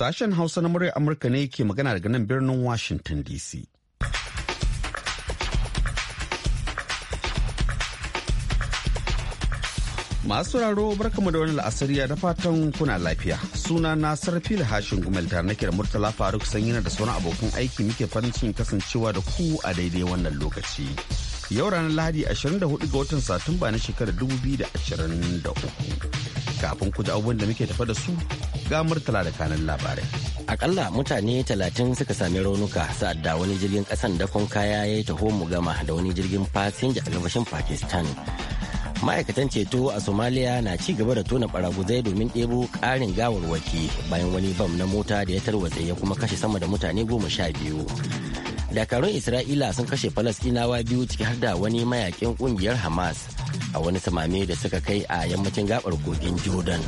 Sashen Hausa na muryar Amurka ne ke magana daga nan birnin Washington DC. Masu raro barkamu da wani la'asariya da fatan kuna lafiya. Suna na da Hashin Gumel tare ke da Murtala Faruk Sanyina da sauran abokan aiki muke farin cikin kasancewa da ku a daidai wannan lokaci. Yau ranar Lahadi 24 ga watan Satumba na shekarar 2023. kafin ku ji abubuwan da muke tafa da su ga murtala da kanan labarai. Akalla mutane talatin suka sami raunuka sa'ad da wani jirgin ƙasan dakon kaya ya yi taho mu gama da wani jirgin fasinja a gabashin Pakistan. Ma'aikatan ceto a Somalia na ci gaba da tona baraguzai domin ɗebo ƙarin gawarwaki bayan wani bam na mota da ya tarwatse ya kuma kashe sama da mutane goma sha biyu. Dakarun Isra'ila sun kashe Falasɗinawa biyu ciki har da wani mayakin ƙungiyar Hamas. a wani samame da suka kai a yammacin gabar kogin jordan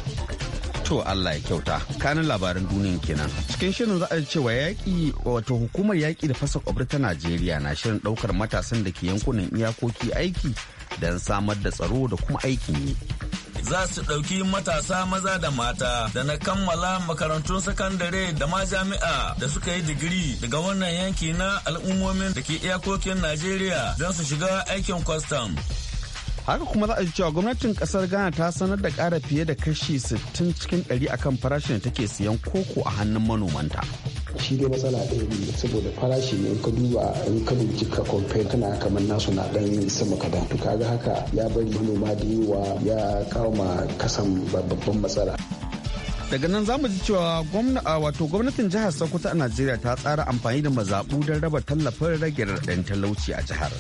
to Allah ya kyauta kanin labaran duniyan kenan cikin shirin za a cewa yaƙi wato hukumar yaƙi da fasa kwabri ta Najeriya na shirin ɗaukar matasan da ke yankunan iyakoki aiki don samar da tsaro da kuma aikin yi za su ɗauki matasa maza da mata da na kammala makarantun sakandare da ma jami'a da suka yi digiri daga wannan yanki na al'ummomin da ke iyakokin Najeriya don su shiga aikin kwastam. haka kuma za a ji cewa gwamnatin kasar ghana ta sanar da kara fiye da kashi 60 cikin 100 akan farashin da take siyan koko a hannun manomanta shi dai matsala ɗaya ne saboda farashi ne in ka duba in ka bincika compare kana kamar nasu na ɗan sama kadan to kaga haka ya bari manoma da yawa ya kawo kasan babban matsala daga nan za mu ji cewa gwamna wato gwamnatin jihar sokoto a najeriya ta tsara amfani da mazaɓu don raba tallafin rage raɗaɗin talauci a jihar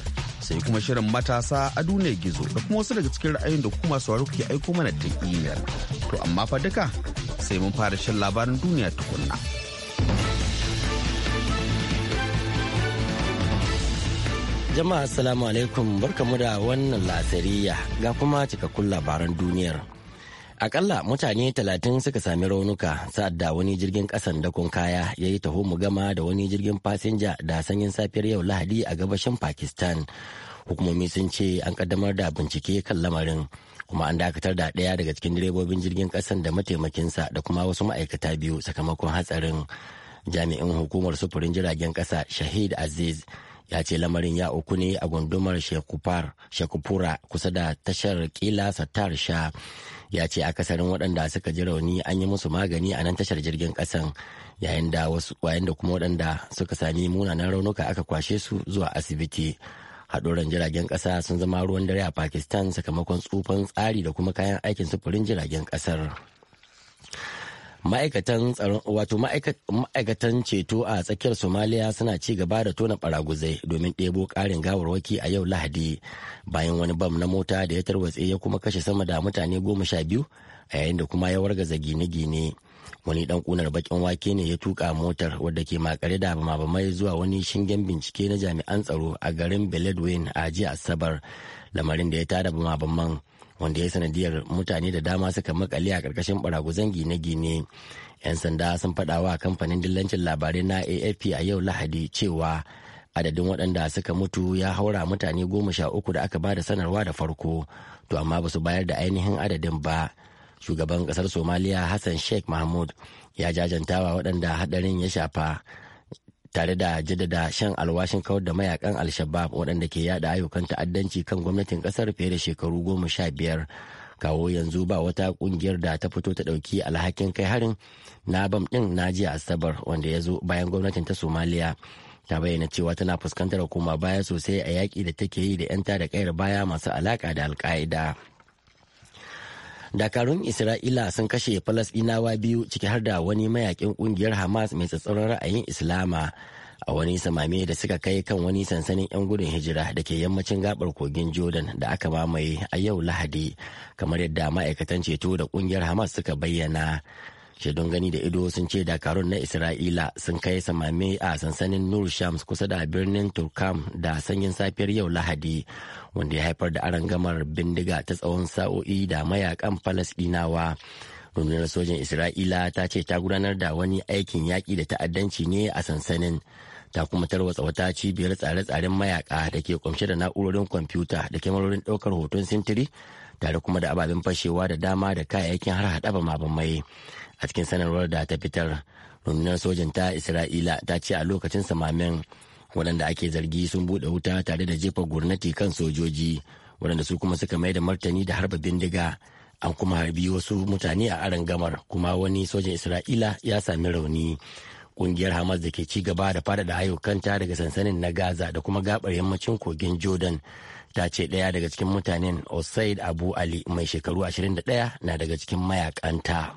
sai kuma shirin matasa a duniyar gizo da kuma wasu daga cikin ra'ayin da kuma sauraro ke aiko mana ta imel to amma fa duka sai mun fara shan labarin duniya tukunna jama'a assalamu alaikum barkamu da wannan lasariya ga kuma cikakkun labaran duniyar Akalla mutane talatin suka sami raunuka sa'ad da wani jirgin kasan dakon kaya ya yi taho mu gama da wani jirgin fasinja da sanyin safiyar yau Lahadi a gabashin Pakistan. Hukumomi sun ce an kaddamar da bincike kan lamarin kuma an dakatar da ɗaya daga cikin direbobin jirgin kasan da mataimakinsa da kuma wasu ma'aikata biyu sakamakon hatsarin. Jami'in hukumar sufurin jiragen ƙasa Shahid Aziz ya ce lamarin ya uku ne a gundumar shekupura kusa da tashar kila satar sha ya ce akasarin waɗanda suka ji rauni an yi musu magani a nan tashar jirgin ƙasan yayin da kuma waɗanda suka sami munanan raunuka aka kwashe su zuwa asibiti haɗuran jiragen ƙasa sun zama ruwan dare a pakistan sakamakon tsufan tsari da kuma kayan aikin sufurin jiragen ƙasar. ma'aikatan tsaron wato ma'aikatan ceto a tsakiyar somaliya suna ci gaba da tona baraguzai domin ɗebo ƙarin gawarwaki a yau lahadi bayan wani bam na mota da ya tarwatse ya kuma kashe sama da mutane goma sha biyu a yayin da kuma ya wargaza gine-gine wani dan kunar bakin wake ne ya tuka motar wadda ke makare da bamabamai zuwa wani shingen bincike na jami'an tsaro a garin beledwin a jiya asabar lamarin da ya tada bamabaman wanda ya sanadiyar mutane da dama suka makale a ƙarƙashin baraguzan gine-gine. 'Yan sanda sun faɗa wa kamfanin dillancin labarai na AFP a yau Lahadi cewa adadin waɗanda suka mutu ya haura mutane goma sha uku da aka ba da sanarwa da farko, to amma ba su bayar da ainihin adadin ba. Shugaban ƙasar Somaliya Hassan Sheikh Mahmud ya jajantawa waɗanda haɗarin ya shafa tare da jaddada shan alwashin kawar da mayakan al-shabab waɗanda ke yada ayyukan ta'addanci kan gwamnatin ƙasar fiye da shekaru goma sha biyar kawo yanzu ba wata ƙungiyar da ta fito ta ɗauki alhakin kai harin na bam ɗin na jiya asabar wanda ya zo bayan gwamnatin ta somaliya ta bayyana cewa tana fuskantar koma baya sosai a yaƙi da take yi da 'yan tada kayar baya masu alaƙa da alka'ida. dakarun isra'ila sun kashe falasɗinawa biyu ciki har da wani mayakin ƙungiyar hamas mai tsatsauran ra'ayin islama a wani samame da suka kai kan wani sansanin 'yan gudun hijira da ke yammacin gabar kogin jordan da aka mamaye a yau lahadi kamar yadda ma'aikatan ceto da kungiyar hamas suka bayyana shaidun gani da ido sun ce dakarun na isra'ila sun kai samami a sansanin nur shams kusa da birnin turkam da sanyin safiyar yau lahadi wanda ya haifar da arangamar bindiga ta tsawon sa'o'i da mayakan falasdinawa rundunar sojin isra'ila ta ce ta gudanar da wani aikin yaƙi da ta'addanci ne a sansanin ta kuma tarwatsa wata cibiyar tsare-tsaren mayaka da ke kumshe da na'urorin kwamfuta da kyamarorin ɗaukar hoton sintiri tare kuma da ababen fashewa da dama da kayayyakin har haɗa bamabamai mabammai a cikin sanarwar da ta fitar rundunar sojan ta isra'ila ta ce a lokacin samamen waɗanda ake zargi sun buɗe wuta tare da jefa gurnati kan sojoji waɗanda su kuma suka mai da martani da harba bindiga an kuma harbi wasu mutane a aron gamar kuma wani sojan isra'ila ya sami rauni Ƙungiyar hamas da ke ci gaba da faɗaɗa ayyukanta daga sansanin na gaza da kuma gaɓar yammacin kogin jordan ta ce ɗaya daga cikin mutanen osaid abu ali mai shekaru 21 na daga cikin mayakanta.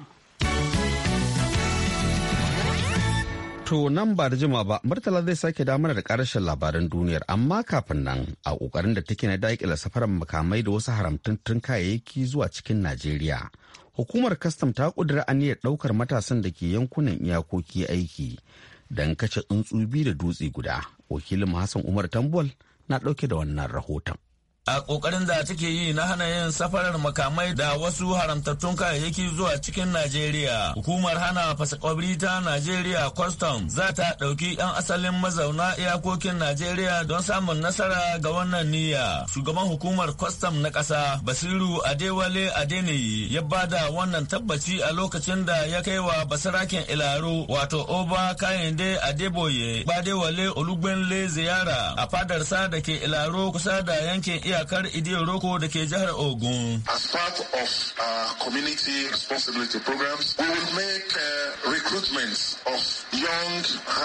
To nan ba da jima ba, Murtala zai sake damar da karashin labaran duniyar amma kafin nan a ƙoƙarin da take na daƙila safaran makamai da wasu haramtattun kayayyaki zuwa cikin Najeriya. Hukumar kastam ta ƙudura aniyar ɗaukar matasan da ke yankunan iyakoki aiki don kace tsuntsu biyu da dutse guda. Wakilin Hassan Umar Tambol na ɗauke da wannan rahoton. a kokarin da take yi na hana yin safarar makamai da wasu haramtattun kayayyaki zuwa cikin Najeriya. Hukumar hana fasakwabri ta Najeriya Custom za ta ɗauki 'yan asalin mazauna iyakokin Najeriya don samun nasara ga wannan niyya. Shugaban hukumar Custom na ƙasa Basiru Adewale Adeniyi ya bada wannan tabbaci a lokacin da ya kai wa basirakin Ilaro wato Oba Kayinde Adeboye Badewale Olugbenle ziyara a fadarsa da ke Ilaro kusa da yankin iyakar idiyar roko da ke jihar ogun as part of our community responsibility programs we will make uh, recruitment of young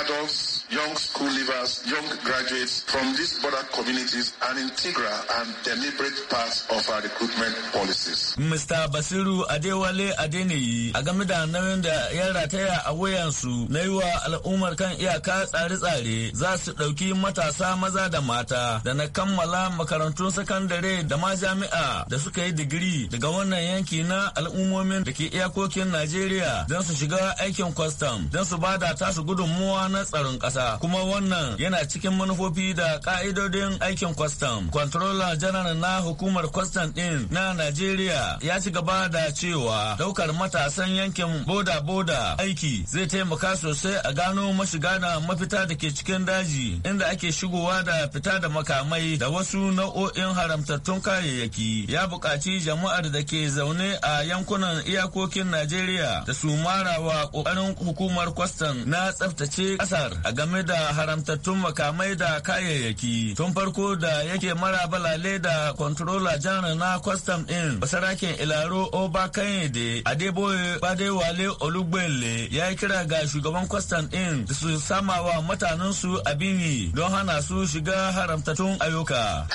adults young school leavers, young graduates from these border communities an integral and deliberate part of our recruitment policies. Mr. Basiru Adewale Adeniyi a game da nauyin da ya rataya a wayansu na yi wa al'ummar kan iyaka tsare-tsare za su ɗauki matasa maza da mata da na kammala makarantun sakandare da ma jami'a da suka yi digiri daga wannan yanki na al'ummomin da ke iyakokin Najeriya don su shiga aikin kwastam don su bada tasu gudunmuwa na tsaron ƙasa. kuma wannan yana cikin manufofi da ka'idodin aikin kwastam. Controller General na hukumar kwastam din na Najeriya ya ci gaba da cewa daukar matasan yankin boda-boda aiki zai taimaka sosai a gano mashiga da mafita da ke cikin daji inda ake shigowa da fita da makamai da wasu nau'o'in haramtattun kayayyaki ya buƙaci jama'ar da ke zaune a yankunan iyakokin Najeriya da su marawa ƙoƙarin hukumar kwastam na tsaftace ƙasar a game game da haramtattun makamai da kayayyaki tun farko da yake mara balale da kontrola janar na kwastam din basarakin ilaro oba kanyede adeboye badewale olugbele ya yi kira ga shugaban kwastam din da su sama wa mutanen su abin yi don hana su shiga haramtattun ayyuka.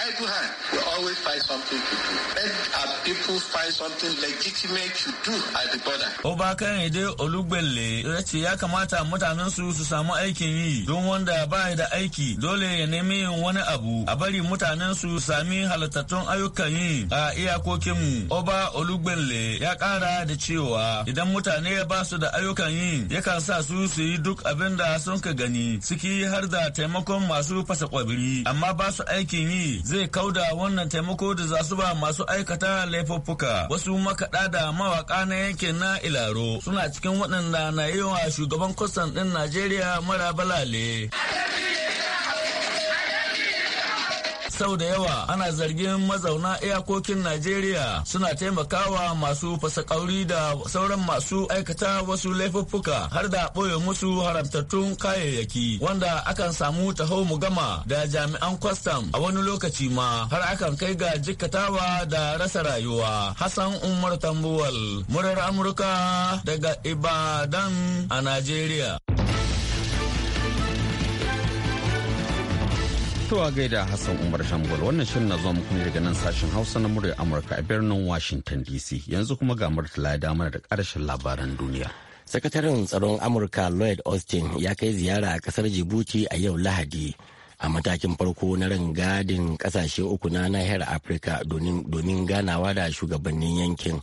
Oba kan kanyede olugbele ya ce ya kamata mutanen su su samu aikin yi don wanda ba da aiki dole ya nemi yin wani abu a bari mutanen su sami halittattun ayyukan yi a iyakokin mu oba olugbenle ya kara da cewa idan mutane ba su da ayyukan yi yakan sa su su yi duk abin da sun ka gani ciki har da taimakon masu fasa kwabiri amma ba su aikin yi zai kauda wannan taimako da za su ba masu aikata laifuffuka wasu makaɗa da mawaka na yankin na ilaro suna cikin waɗanda na yi wa shugaban kwastan ɗin najeriya mara balale ne. sau da yawa ana zargin mazauna iyakokin Najeriya suna taimakawa masu fasakauri da sauran masu aikata wasu laifuffuka har da ɓoye musu haramtattun kayayyaki wanda akan samu taho mu gama da jami'an kwastam a wani lokaci ma har akan kai ga jikatawa da rasa rayuwa. Hassan Umar Tambuwal, murar Amurka daga Ibadan a Najeriya. To gaida Hassan Umar Shambol wannan shirin na zuwa muku ne daga nan sashen Hausa na murya Amurka a birnin Washington DC yanzu kuma ga Murtala ya damar da karshen labaran duniya. Sakataren tsaron Amurka Lloyd Austin ya kai ziyara a kasar jibuti a yau Lahadi a matakin farko na rangadin kasashe uku na nahiyar Afirka domin ganawa da shugabannin yankin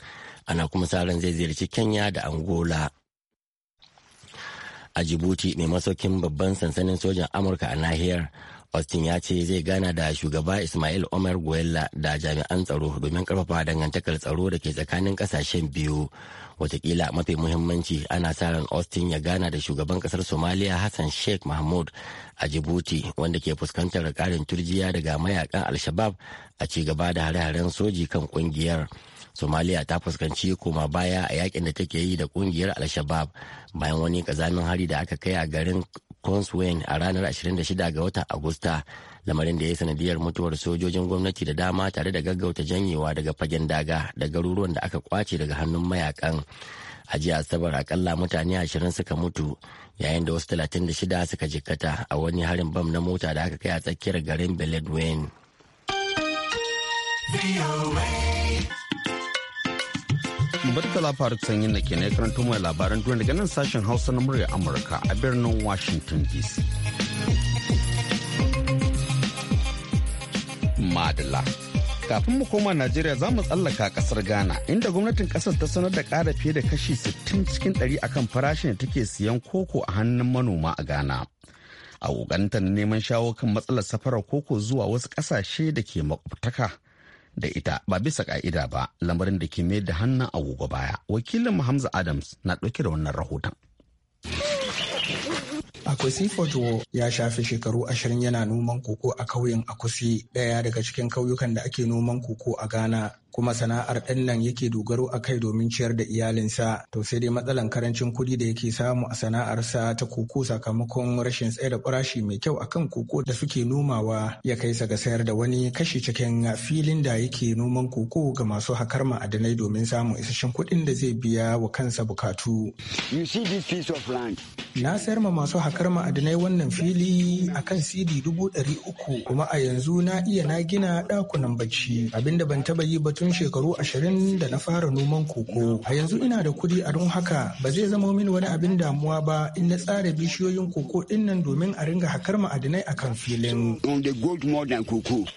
ana kuma sa zai ziyarci Kenya da Angola. A jibuti ne masaukin babban sansanin sojan Amurka a nahiyar Austin ya ce zai gana da shugaba Ismail Omar Guella da jami'an tsaro domin karfafa dangantakar tsaro da ke tsakanin kasashen biyu. Watakila mafi muhimmanci ana sa ran Austin ya gana da shugaban kasar Somalia Hassan Sheikh Mahmud a jibuti wanda ke fuskantar karin turjiya daga mayakan alshabab a ci gaba da hare-haren soji kan kungiyar. Somalia ta fuskanci koma baya a yakin da take yi da kungiyar alshabab bayan wani kazamin hari da aka kai a garin Conswain a ranar 26 ga watan Agusta, lamarin da ya sanadiyar mutuwar sojojin gwamnati da dama tare da gaggauta janyewa daga fagen daga da garuruwan da aka kwace daga hannun mayakan. A jiya Asabar akalla mutane 20 suka mutu yayin da wasu 36 suka jikkata a wani harin bam na mota da aka kai a tsakiyar garin Beledweyne. Murtala faru Sanyin da ke na karanto mai labaran duniya daga nan sashen Hausa na murya Amurka a birnin Washington DC. Madala. Kafin mu koma Najeriya za mu tsallaka kasar Ghana inda gwamnatin kasar ta sanar da ƙara fiye da kashi 60 cikin 100 akan farashin da take siyan koko a hannun manoma a Ghana. A ƙoƙarinta neman shawo kan matsalar safarar koko zuwa wasu ƙasashe da ke makwabtaka da ita ba bisa ka'ida ba lamarin da ke mai da hannun agogo baya wakilin hamza adams na ɗauke da wannan rahoton Akwasi Foto ya shafi shekaru ashirin yana noman koko a kauyen Akwasi, daya daga cikin kauyukan da ake noman koko a Ghana. kuma sana'ar ɗan nan yake dogaro a kai domin ciyar da iyalinsa to sai dai matsalan karancin kuɗi da yake samu a sana'arsa ta koko sakamakon rashin tsaye da farashi mai kyau akan koko da suke nomawa ya kai sa ga sayar da wani kashi cikin filin da yake noman koko ga masu hakar ma'adanai domin samun isasshen kuɗin da zai biya wa kansa bukatu. Na sayar ma masu hakar ma'adanai wannan fili akan CD dubu ɗari uku kuma a yanzu na iya na gina ɗakunan bacci abinda ban taɓa yi ba tun shekaru ashirin da na fara noman koko a yanzu ina da kuɗi a don haka ba zai zama mini wani abin damuwa ba in na tsara bishiyoyin koko din nan domin a ringa hakar ma'adinai a kan filin.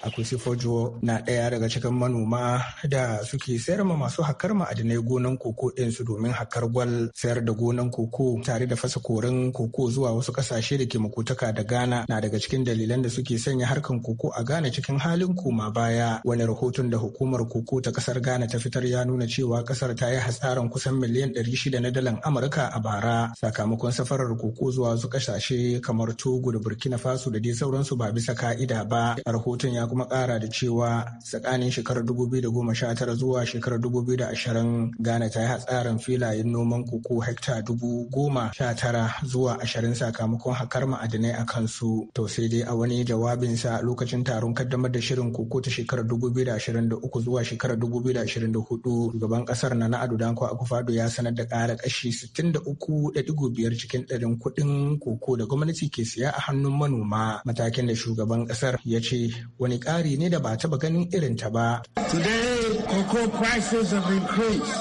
Akwai sifojo na ɗaya daga cikin manoma da suke sayar ma masu hakar ma'adinai gonan koko ɗin su domin hakar gwal sayar da gonan koko tare da fasa korin koko zuwa wasu ƙasashe da ke makotaka da Ghana na daga cikin dalilan da suke sanya harkan koko a Ghana cikin halin koma baya wani rahoton da hukumar koko ta kasar Ghana ta fitar ya nuna cewa kasar ta yi hasaran kusan miliyan 600 na dalan Amurka a bara sakamakon safarar koko zuwa su kasashe kamar Togo da Burkina Faso da dai sauransu ba bisa ka'ida ba. Rahoton ya kuma kara da cewa tsakanin shekarar 2019 zuwa shekarar 2020 Ghana ta yi hatsarin filayen noman koko hekta dubu goma sha tara zuwa ashirin sakamakon hakar ma'adinai a kansu. To sai dai a wani jawabinsa lokacin taron kaddamar da shirin koko ta shekarar 2023 zuwa shekarar shekarar 2024 gaban kasar na na ado danko akufado ya sanar da kara kashi 63.5 cikin ɗarin kuɗin koko da gwamnati ke siya a hannun manoma matakin da shugaban kasar ya ce wani ƙari ne da ba taba ganin irin ta ba.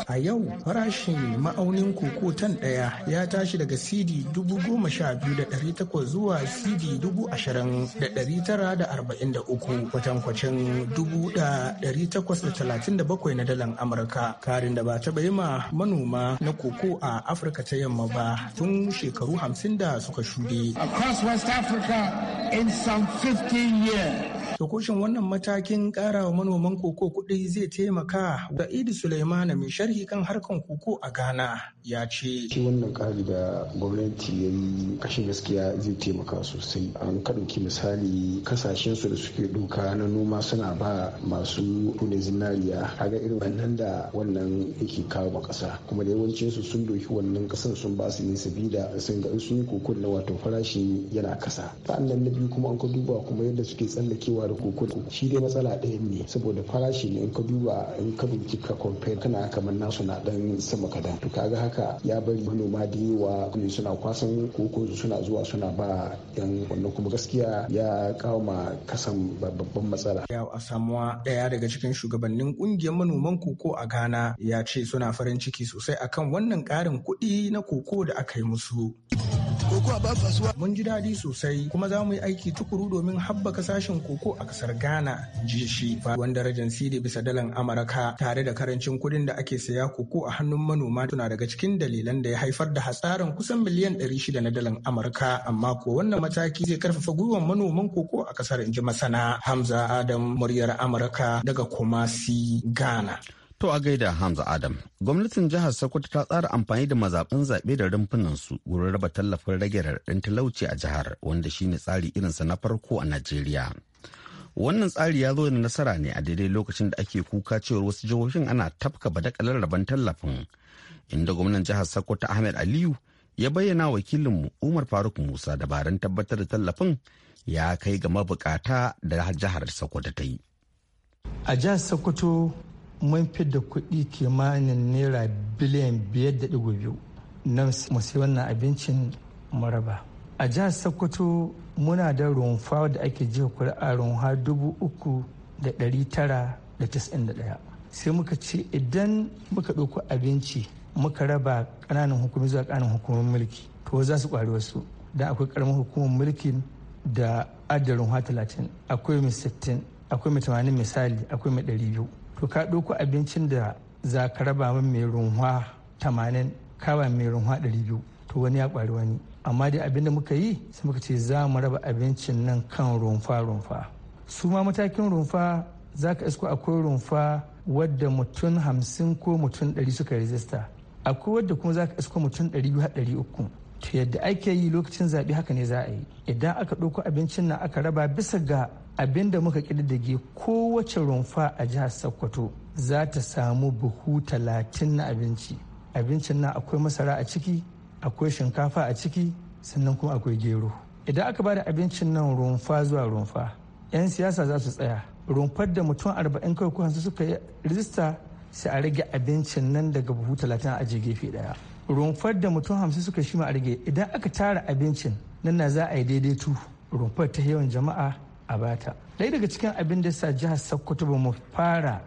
A yau farashin ma'aunin koko tan ɗaya ya tashi daga CD dubu goma sha biyu zuwa CD dubu ashirin da ɗari tara da arba'in kwatankwacin dubu 37 na dalan Amurka. Karin da ba taɓa yi ma manoma na koko a Afirka ta yamma ba tun shekaru 50 da suka shuɗe. Across West Africa in some 15 years. To wannan matakin ƙara wa manoman koko kuɗi zai taimaka da Idi sulaimana mai sharhi kan harkan koko a Ghana ya ce. Shi wannan ƙari da gwamnati ya yi kashin gaskiya zai taimaka sosai. An ɗauki misali kasashen su da suke doka na noma suna ba masu kuɗin zinariya kaga irin wannan da wannan yake kawo ma ƙasa kuma da yawancin su sun doki wannan ƙasar sun ba su ne sabida sun ga sun yi koko da wato farashi yana kasa. Sa'an nan na biyu kuma an ka duba kuma yadda suke tsallakewa zuwa da koko shi dai matsala ɗaya ne saboda farashi ne in ka duba in ka bincika compare kana kamar nasu na dan sama kadan to kaga haka ya bari manoma da yawa suna kwasan koko suna zuwa suna ba yan wannan kuma gaskiya ya kawo ma kasan babban matsala ya samuwa daya daga cikin shugabannin kungiyar manoman koko a Ghana ya ce suna farin ciki sosai akan wannan karin kuɗi na koko da aka yi musu. koko ba fasuwa. Mun ji daɗi sosai kuma za mu yi aiki tukuru domin haɓaka sashen koko a ƙasar Ghana ji shi faruwan darajar CD bisa dalan Amurka tare da karancin kuɗin da ake saya koko a hannun manoma tuna daga cikin dalilan da ya haifar da hatsarin kusan miliyan shida na dalan Amurka amma ko wannan mataki zai karfafa gwiwar manoman koko a ƙasar inji masana Hamza Adam muryar Amurka daga Kumasi Ghana. To a gaida Hamza Adam, gwamnatin jihar Sokoto ta tsara amfani da mazaɓin zaɓe da rumfunan su wurin raba tallafin rage raɗin talauci a jihar wanda shine tsari irinsa na farko a Najeriya. Wannan tsari ya zo da nasara ne a daidai lokacin da ake kuka cewar wasu jihohin ana tafka ba badakalar rabon tallafin. Inda gwamnan jihar Sokoto Ahmed Aliyu ya bayyana wakilinmu Umar Faruk Musa dabarun tabbatar da tallafin ya kai ga mabukata da jihar Sokoto ta yi. A jihar Sokoto mun fi da kuɗi kimanin naira biliyan biyar da ɗigo biyu na musai wannan abincin maraba a jihar sokoto muna da rumfa da ake jiya kuri'a rumfa dubu uku da ɗari tara da da ɗaya sai muka ce idan muka ɗauko abinci muka raba ƙananan hukumi zuwa ƙananan hukumar mulki to za su ƙwari wasu da akwai ƙaramin hukumar mulki da adadin rumfa talatin akwai mai sittin akwai mai tamanin misali akwai mai ɗari biyu to ka ɗauko abincin da za ka raba min mai runwa tamanin kaba mai runwa ɗari biyu to wani ya ƙwari wani amma dai abin da muka yi sai muka ce za mu raba abincin nan kan rumfa rumfa su ma matakin rumfa za ka isko akwai rumfa wadda mutum hamsin ko mutum ɗari suka rijista akwai wadda kuma za ka isko mutum ɗari biyu ɗari uku to yadda ake yi lokacin zaɓe haka ne za a yi idan aka ɗauko abincin nan aka raba bisa ga Abin da muka kididdige kowace rumfa a jihar sokoto za ta samu buhu talatin na abinci abincin nan akwai masara a ciki akwai shinkafa a ciki sannan kuma akwai gero idan aka bada abincin nan rumfa zuwa rumfa 'yan siyasa za su tsaya rumfar da mutum arba'in kai ko hansu suka yi rijista sai a rage abincin nan daga buhu talatin a ajiye gefe daya rumfar da mutum hamsin suka shi ma a rage idan aka tara abincin nan na za a yi daidaitu rumfar ta yawan jama'a a bata ɗaya daga cikin abin da sa jihar sokoto ba mu fara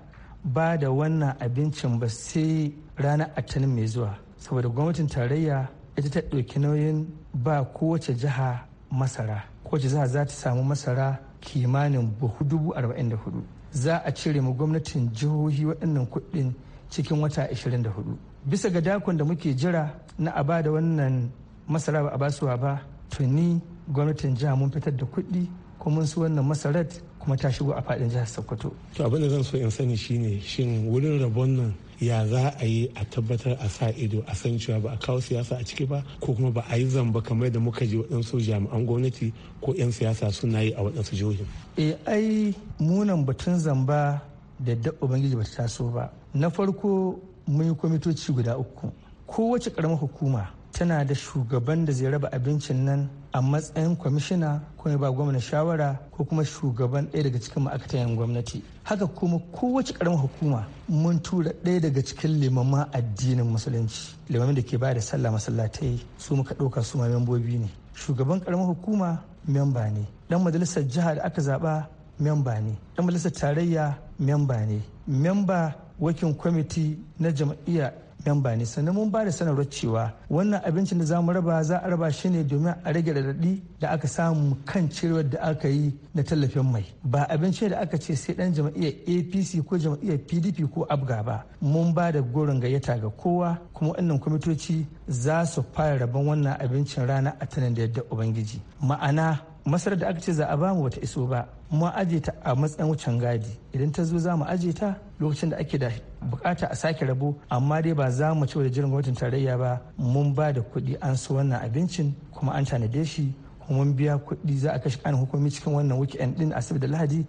ba da wannan abincin ba sai ranar atanin mai zuwa saboda gwamnatin tarayya ita ta ɗauki nauyin ba kowace jiha masara kowace jiha za ta samu masara kimanin buhu dubu arba'in da hudu za a cire mu gwamnatin jihohi waɗannan kuɗin cikin wata ashirin da hudu bisa ga dakon da muke jira na a ba da wannan masara ba a basuwa ba tuni gwamnatin jiha mun fitar da kuɗi kuma su wannan masarar kuma ta shigo a fadin jihar sokoto to abin da zan so in sani shine shin wurin rabon nan ya za a yi a tabbatar a sa ido a san cewa ba a kawo siyasa a ciki ba ko kuma ba a yi zamba kamar da muka ji waɗansu jami'an gwamnati ko 'yan siyasa suna yi a waɗansu jihohin. eh ai munan batun zamba da da ubangiji ba ta taso ba na farko mun yi kwamitoci guda uku kowace ƙaramar hukuma tana da shugaban da zai raba abincin nan a matsayin kwamishina ko ya ba gwamna shawara ko kuma shugaban ɗaya daga cikin ma'aikatan gwamnati haka kuma kowace ƙaramin hukuma mun tura ɗaya daga cikin limaman addinin musulunci limamin da ke ba da sallah masallatai su muka ɗauka su ma membobi ne shugaban ƙaramin hukuma memba ne ɗan majalisar jiha da aka zaɓa memba ne ɗan majalisar tarayya memba ne memba wakin kwamiti na jam'iyya 'yan bani sannan mun ba da sanarwar cewa wannan abincin da za mu raba za a raba shi ne domin a rage raɗaɗi da aka samu kan cirewar da aka yi na tallafin mai ba abinci da aka ce sai ɗan jam'iyyar apc ko jam'iyyar pdp ko abga ba mun ba da goron gayyata ga kowa kuma wannan kwamitoci za su fara rabon wannan abincin rana a tanan da yadda ubangiji ma'ana masarar da aka ce za a ba mu bata iso ba mu aje ta a matsayin wucin gadi idan ta zo za mu aje ta lokacin da ake da bukata a sake rabo amma dai ba za mu ci da jiran gwamnatin tarayya ba mun ba da kuɗi an so wannan abincin kuma an tanade shi kuma mun biya kuɗi za a kashe kanin hukumi cikin wannan weekend din asibiti da lahadi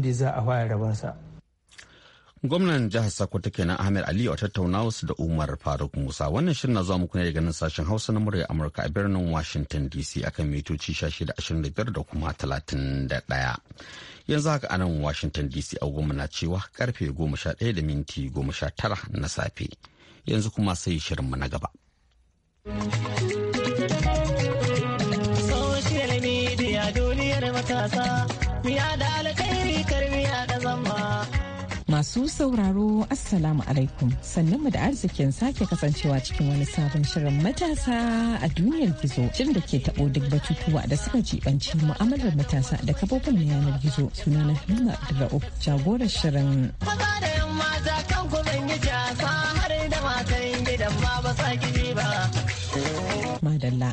da za a fara rabonsa gwamnan jihar sokoto kenan ahmed Ali a tattaunawa su da umar faruk musa wannan shirin na zuwa muku ne daga nan sashen hausa na murya amurka a birnin washington dc akan mitoci 1625 da kuma da 31 yanzu haka anan nan washington dc agogo na cewa karfe goma sha 11 da minti goma sha tara na safe yanzu kuma sai shirinmu na gaba. Masu sauraro Assalamu alaikum sannan mu da arzikin sake kasancewa cikin wani sabon shirin matasa a duniyar gizo shirin da ke taɓo duk batutuwa da suka jibanci mu'amalar matasa da kafofin yanar gizo suna na da Abdulra'uf jagorar shirin. Maza da yamma kan ku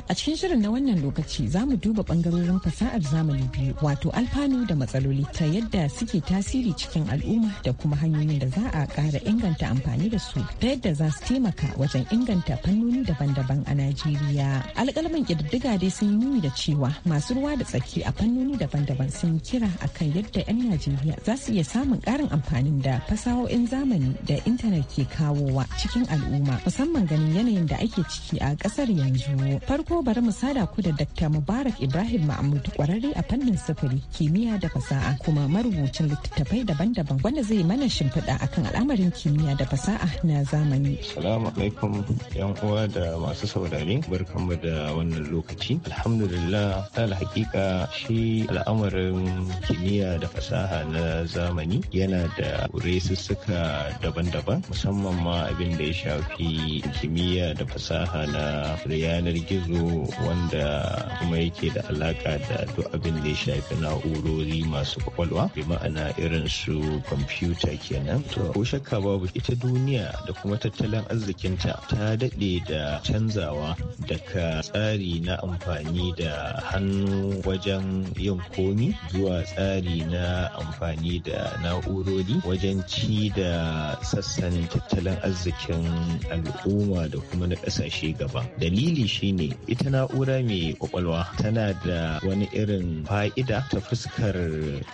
A cikin shirin na wannan lokaci za mu duba bangarorin fasahar zamani biyu wato alfanu da matsaloli ta yadda suke tasiri cikin al'umma da kuma hanyoyin da za a ƙara inganta amfani da su ta yadda za su taimaka wajen inganta fannoni daban-daban a Najeriya. Alƙalmin ƙididdiga dai sun yi nuni da cewa masu ruwa da tsaki a fannoni daban-daban sun kira akan yadda 'yan Najeriya za su iya samun ƙarin amfanin da fasahohin zamani da intanet ke kawowa cikin al'umma musamman ganin yanayin da ake ciki a ƙasar yanzu. farko bari mu sada ku da Dr. Mubarak Ibrahim Mahmud kwararre a fannin sufuri, kimiyya da fasaha kuma marubucin littattafai daban-daban wanda zai mana shimfiɗa akan al'amarin kimiyya da fasaha na zamani. Assalamu alaikum yan uwa da masu saurare barkanmu da wannan lokaci. Alhamdulillah ta hakika shi al'amarin kimiyya da fasaha na zamani yana da resussuka daban-daban musamman ma abin da ya shafi kimiyya da fasaha na yanar gizo zo wanda kuma yake da alaka da duk abin da ya shafi na'urori masu kwakwalwa bi ma'ana irin su kwamfuta kenan to ko shakka babu ita duniya da kuma tattalin arzikinta ta daɗe da canzawa daga tsari na amfani da hannu wajen yin komi zuwa tsari na amfani da na'urori wajen ci da sassan tattalin arzikin al'umma da kuma na ƙasashe gaba dalili shine ita na'ura mai kwakwalwa tana da wani irin fa'ida ta fuskar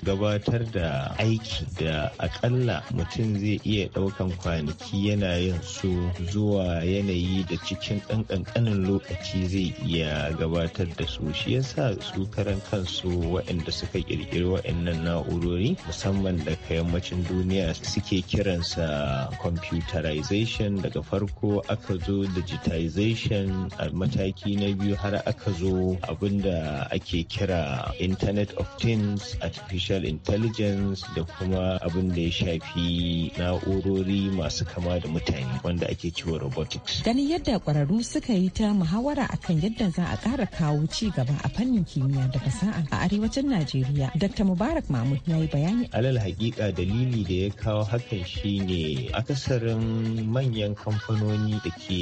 gabatar da aiki da akalla mutum zai iya ɗaukan kwanaki yana yin su zuwa yanayi da cikin dan kankanin lokaci zai iya gabatar da su shi yasa su karan kansu waɗanda suka ƙirƙiri waɗannan na'urori musamman da yammacin duniya suke kiransa computerization daga farko aka zo digitization a mataki mataki na biyu har aka zo abin da ake kira internet of things artificial intelligence da kuma abin da ya shafi na'urori masu kama da mutane wanda ake cewa robotics ganin yadda kwararru suka yi ta muhawara akan yadda za a ƙara kawo ci gaba a fannin kimiyya da fasaha a arewacin najeriya dr mubarak mahmud ya yi bayani alal hakika dalili da ya kawo hakan shine akasarin manyan kamfanoni da ke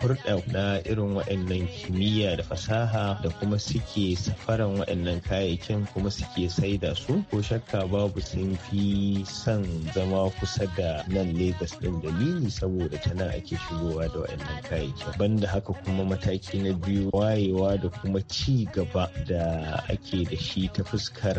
hurɗa na irin waɗannan kimiyya da fasaha da kuma suke safaran waɗannan kayayyakin kuma suke saida su ko shakka babu sun fi son zama kusa da nan Legas ɗin dalili saboda ta nan ake shigowa da waɗannan kayayyakin banda haka kuma mataki na biyu wayewa da kuma ci gaba da ake da shi ta fuskar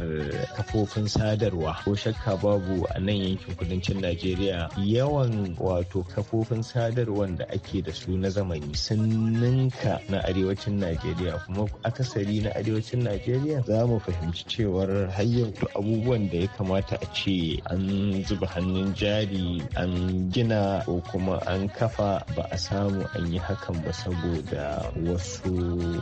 kafofin sadarwa ko shakka babu a nan yankin kudancin najeriya yawan wato kafofin sadarwa da ake da su na zamani sun ninka na arewacin najeriya kuma akasari na arewacin najeriya za mu fahimci cewar har yau abubuwan da ya kamata a ce an zuba hannun jari an gina ko kuma an kafa ba a samu an yi hakan ba saboda wasu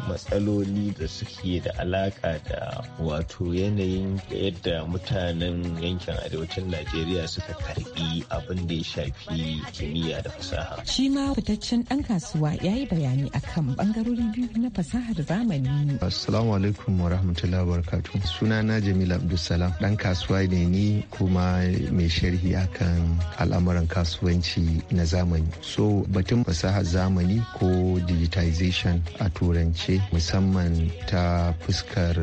matsaloli da suke da alaka da wato yanayin yadda mutanen yankin arewacin najeriya suka karbi abin da ya shafi kimiyya da fasaha shima fitaccen ɗan kasuwa ya yi bayani akan bangarori ɓangarori biyu na fasahar zamani. Assalamu alaikum wa rahmatullahi wa Suna na jamil Abdulsalam Dan kasuwa ne ni kuma mai sharhi akan al'amuran kasuwanci na zamani. So batun fasahar zamani ko digitization a turance musamman ta fuskar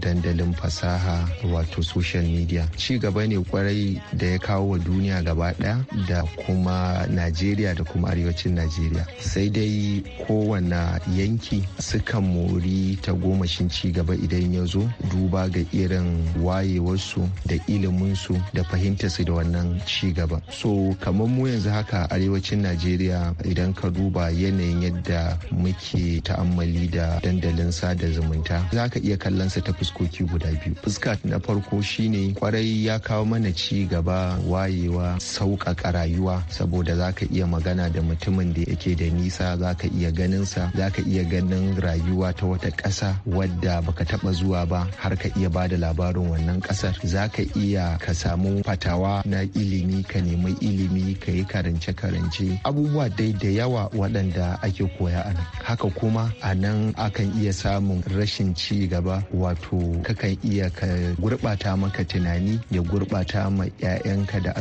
dandalin fasaha wato social media. Ci gaba ne kwarai da ya kawo wa duniya gaba ɗaya da kuma Najeriya da kuma arewacin Najeriya. Sai dai kowane yanki yanki sukan mori ta gomashin ci gaba idan ya zo duba ga irin wayewarsu da iliminsu da fahimtarsu da wannan ci gaba so kamar mu yanzu haka arewacin najeriya idan ka duba yanayin yadda muke ta'ammali da dandalin sada zumunta za ka iya kallon sa ta fuskoki guda biyu fuska na farko shine kwarai ya kawo mana ci gaba wayewa sauƙaƙa rayuwa saboda za ka iya magana da mutumin da yake da nisa za ka iya ganinsa za ka iya ganin rayuwa ta wata ƙasa wadda baka taɓa zuwa ba har ka iya bada labarin wannan ƙasar za ka iya ka samu fatawa na ilimi ka nemi ilimi ka yi karance-karance abubuwa dai da yawa waɗanda ake koya a nan haka kuma a nan akan iya samun rashin ci gaba wato kakan iya ka gurɓata maka tunani ya gurɓata ma 'ya'yanka da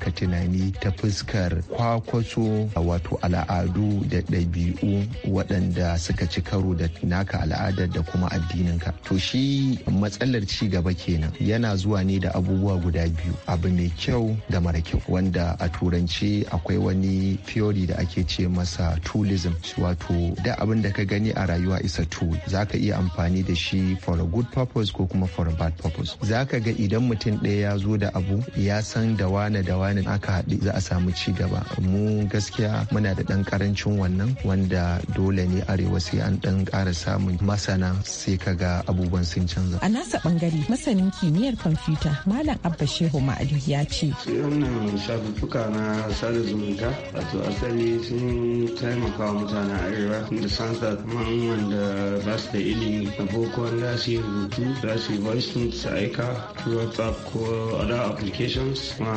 ka tunani ta fuskar kwakwaso wato al'adu da ɗabi'u waɗanda su suka ci karo da naka al'adar da kuma addininka to shi matsalar ci gaba kenan yana zuwa ne da abubuwa guda biyu abu mai kyau da mara kyau wanda a turanci akwai wani theory da ake ce masa tourism wato da abin da ka gani a rayuwa isa tool za ka iya amfani da shi for a good purpose ko kuma for a bad purpose za ka ga idan mutum ɗaya ya zo da abu ya san da wane da wane aka haɗu za a samu ci gaba mu gaskiya muna da ɗan karancin wannan wanda dole ne arewa cewa sai an dan kara samun masana sai ka ga abubuwan sun canza. A nasa bangare masanin kimiyyar kwamfuta Malam Abba Shehu Ma'adu ya ce. Sai wannan shafuffuka na sada zumunta wato asali sun taimaka wa mutanen arewa da sansa kamar wanda ba su da ilimi na boko wanda su yi rubutu za su yi voice notes aika whatsapp ko other applications kuma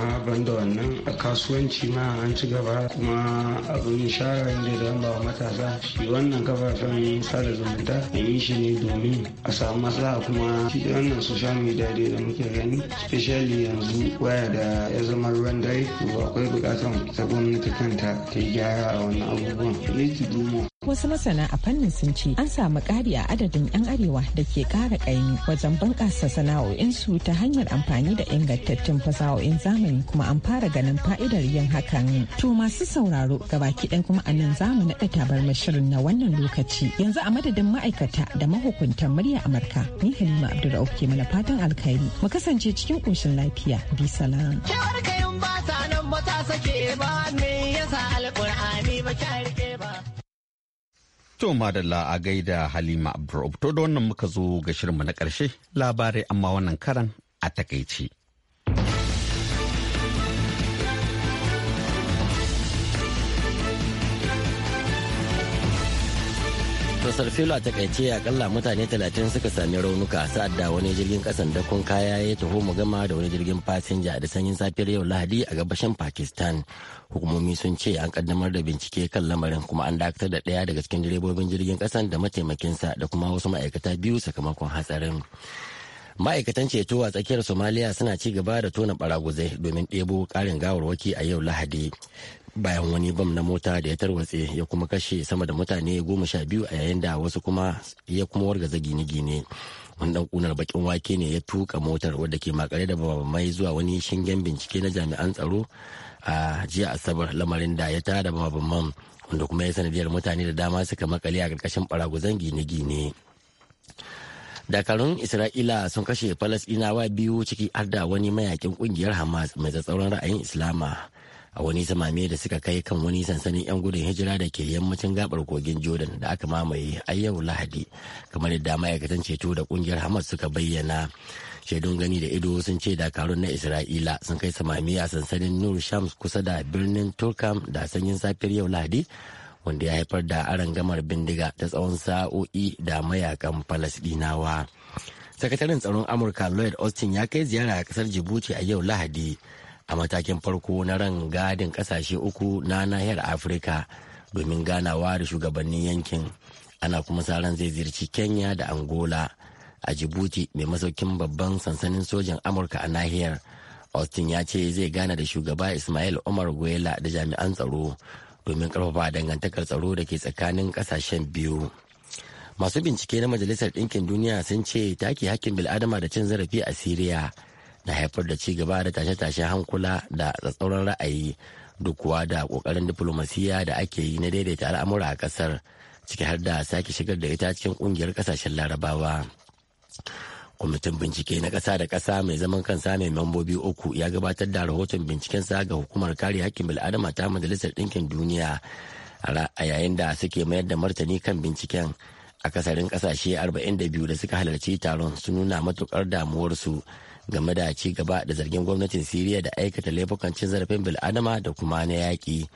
da wannan a kasuwanci ma an ci gaba kuma abin shara da ba matasa shi wannan kafa kafafen sada zumunta a yi shi ne domin a samu maslaha kuma shi wannan social media dai da muke gani especially yanzu waya da ya zama ruwan dare to akwai bukatan ta gwamnati kanta ta yi gyara a wannan abubuwan wasu masana a fannin sun ce an samu ƙari a adadin 'yan arewa da ke kara ƙaimi wajen bunƙasa sana'o'insu ta hanyar amfani da ingantattun fasahohin zamani kuma an fara ganin fa'idar yin hakan to masu sauraro gabaki ɗaya kuma a nan zamu naɗa tabar shirin na wannan lokaci lokaci yanzu a madadin ma'aikata da mahukuntan murya Amurka ni Halima Abdulrauf ke mana fatan alkhairi mu kasance cikin kunshin lafiya bi salam. To madalla a gaida Halima Abdulrauf to da wannan muka zo ga shirinmu na ƙarshe labarai amma wannan karan a takaici. kasar filo a takaice akalla mutane 30 suka sami raunuka sa'ad da wani jirgin kasan dakon kaya ya taho mu gama da wani jirgin fasinja da sanyin safiyar yau Lahadi a gabashin Pakistan. Hukumomi sun ce an kaddamar da bincike kan lamarin kuma an dakatar da ɗaya daga cikin direbobin jirgin kasan da mataimakinsa da kuma wasu ma'aikata biyu sakamakon hatsarin. ma'aikatan ceto a tsakiyar somaliya suna ci gaba da tona baraguzai domin ɗebo ƙarin gawarwaki a yau lahadi bayan wani bam na mota da ya tarwatse ya kuma kashe sama da mutane goma sha biyu a yayin da wasu kuma ya kuma wargaza gine-gine wani dan kunar bakin wake ne ya tuka motar wadda ke makare da mai zuwa wani shingen bincike na jami'an tsaro a jiya asabar lamarin da ya tada babamman wanda kuma ya sanadiyar mutane da dama suka makale a karkashin baraguzan gine-gine dakarun isra'ila sun kashe falasɗinawa biyu ciki har da wani mayakin kungiyar hamas mai tsatsauran ra'ayin islama a wani samame da suka kai kan wani sansanin 'yan gudun hijira da ke yammacin gabar kogin jordan da aka mamaye a yau lahadi kamar yadda ma'aikatan ceto da kungiyar hamas suka bayyana shaidun gani da ido sun ce dakarun na isra'ila sun kai samami a sansanin nur shams kusa da birnin turkam da sanyin safiyar yau lahadi wanda ya haifar da gamar bindiga ta tsawon sa'o'i da mayakan falasdinawa sakataren tsaron amurka lloyd austin ya kai ziyara a kasar jibuti a yau lahadi a matakin farko na ran gadin kasashe uku na nahiyar afirka domin ganawa da shugabannin yankin ana kuma sa ran zai ziyarci kenya da angola a jibuti mai masaukin babban sansanin sojan amurka a nahiyar austin ya ce zai gana da shugaba ismail omar guela da jami'an tsaro domin karfafa dangantakar tsaro da ke tsakanin kasashen biyu masu bincike na majalisar ɗinkin duniya sun ce take hakkin bil'adama da cin zarafi a siriya da haifar da ci gaba da tashe-tashen hankula da tsatsauran ra'ayi duk kuwa da kokarin diplomasiya da ake yi na daidaita al'amura a kasar ciki har da sake shigar da ita cikin kungiyar kasashen larabawa kwamitin bincike na ƙasa da kasa mai zaman kansa mai membobi uku ya gabatar da rahoton binciken sa ga hukumar kare hakkin bil'adama ta majalisar ɗinkin duniya a yayin da suke mayar da martani kan binciken a akasarin ƙasashe 42 da suka halarci taron su nuna matukar damuwarsu game da ci gaba da zargin gwamnatin siriya da aikata laifukan cin zarafin bil'adama da kuma na yaƙi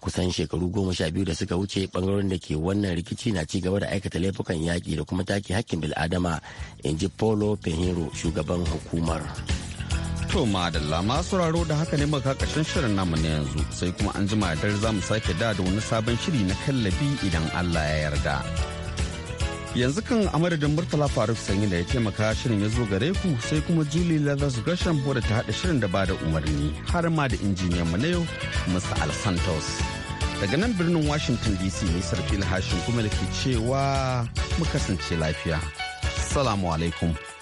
kusan shekaru goma sha biyu da suka wuce bangarorin da ke wannan rikici na ci gaba da aikata laifukan yaƙi da kuma take hakkin bil'adama in ji polo pehiro shugaban hukumar to madalla masu sauraro da haka ne muka ƙarshen shirin namu na yanzu sai kuma an jima da za mu sake da da wani sabon shiri na kallabi idan allah ya yarda yanzu kan amadadin murtala faruk sanyi da ya taimaka shirin ya zo gare ku sai kuma julie leathers gresham wadda ta haɗa shirin da ba da umarni har ma da injiniyan mu na yau musa al santos daga nan birnin washington dc ne sarfi hashin kuma da ke cewa mu kasance lafiya salamu alaikum